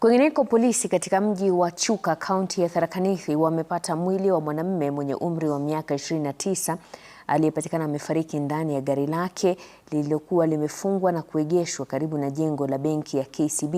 Kwingineko, polisi katika mji wa Chuka kaunti ya Tharaka Nithi wamepata mwili wa mwanamume mwenye umri wa miaka 29 aliyepatikana amefariki ndani ya gari lake lililokuwa limefungwa na kuegeshwa karibu na jengo la benki ya KCB.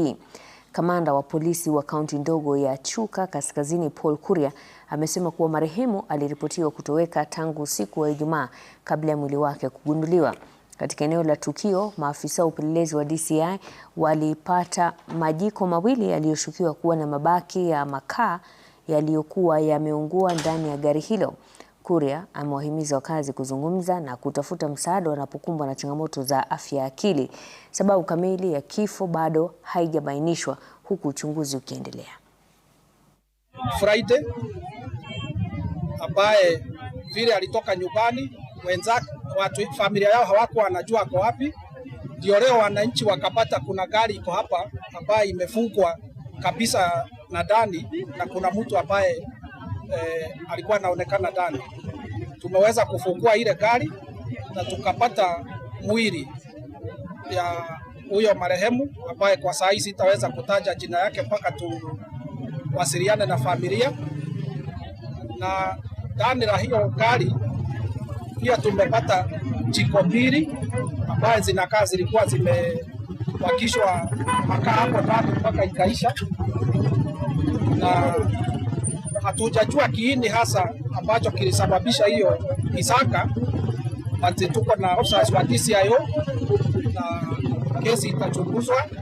Kamanda wa polisi wa kaunti ndogo ya Chuka Kaskazini, Paul Kuria, amesema kuwa marehemu aliripotiwa kutoweka tangu usiku wa Ijumaa kabla ya mwili wake kugunduliwa. Katika eneo la tukio, maafisa wa upelelezi wa DCI walipata majiko mawili yaliyoshukiwa kuwa na mabaki ya makaa yaliyokuwa yameungua ndani ya gari hilo. Kuria amewahimiza wakazi kuzungumza na kutafuta msaada wanapokumbwa na changamoto za afya ya akili. Sababu kamili ya kifo bado haijabainishwa huku uchunguzi ukiendelea. Friday ambaye vile alitoka nyumbani wenzake, watu familia yao hawakuwa wanajua ako wapi, ndio leo wananchi wakapata kuna gari iko hapa ambayo imefungwa kabisa na ndani na kuna mtu ambaye e, alikuwa anaonekana ndani. Tumeweza kufungua ile gari na tukapata mwili ya huyo marehemu ambaye kwa saa hii sitaweza kutaja jina yake mpaka tuwasiliane na familia, na ndani la hiyo gari pia tumepata jiko mbili ambazo zinakaa zilikuwa zimebakishwa makaa hapo tatu mpaka ikaisha, na hatujajua kiini hasa ambacho kilisababisha hiyo kisaka. basi tuko na officers wa DCIO na kesi itachunguzwa.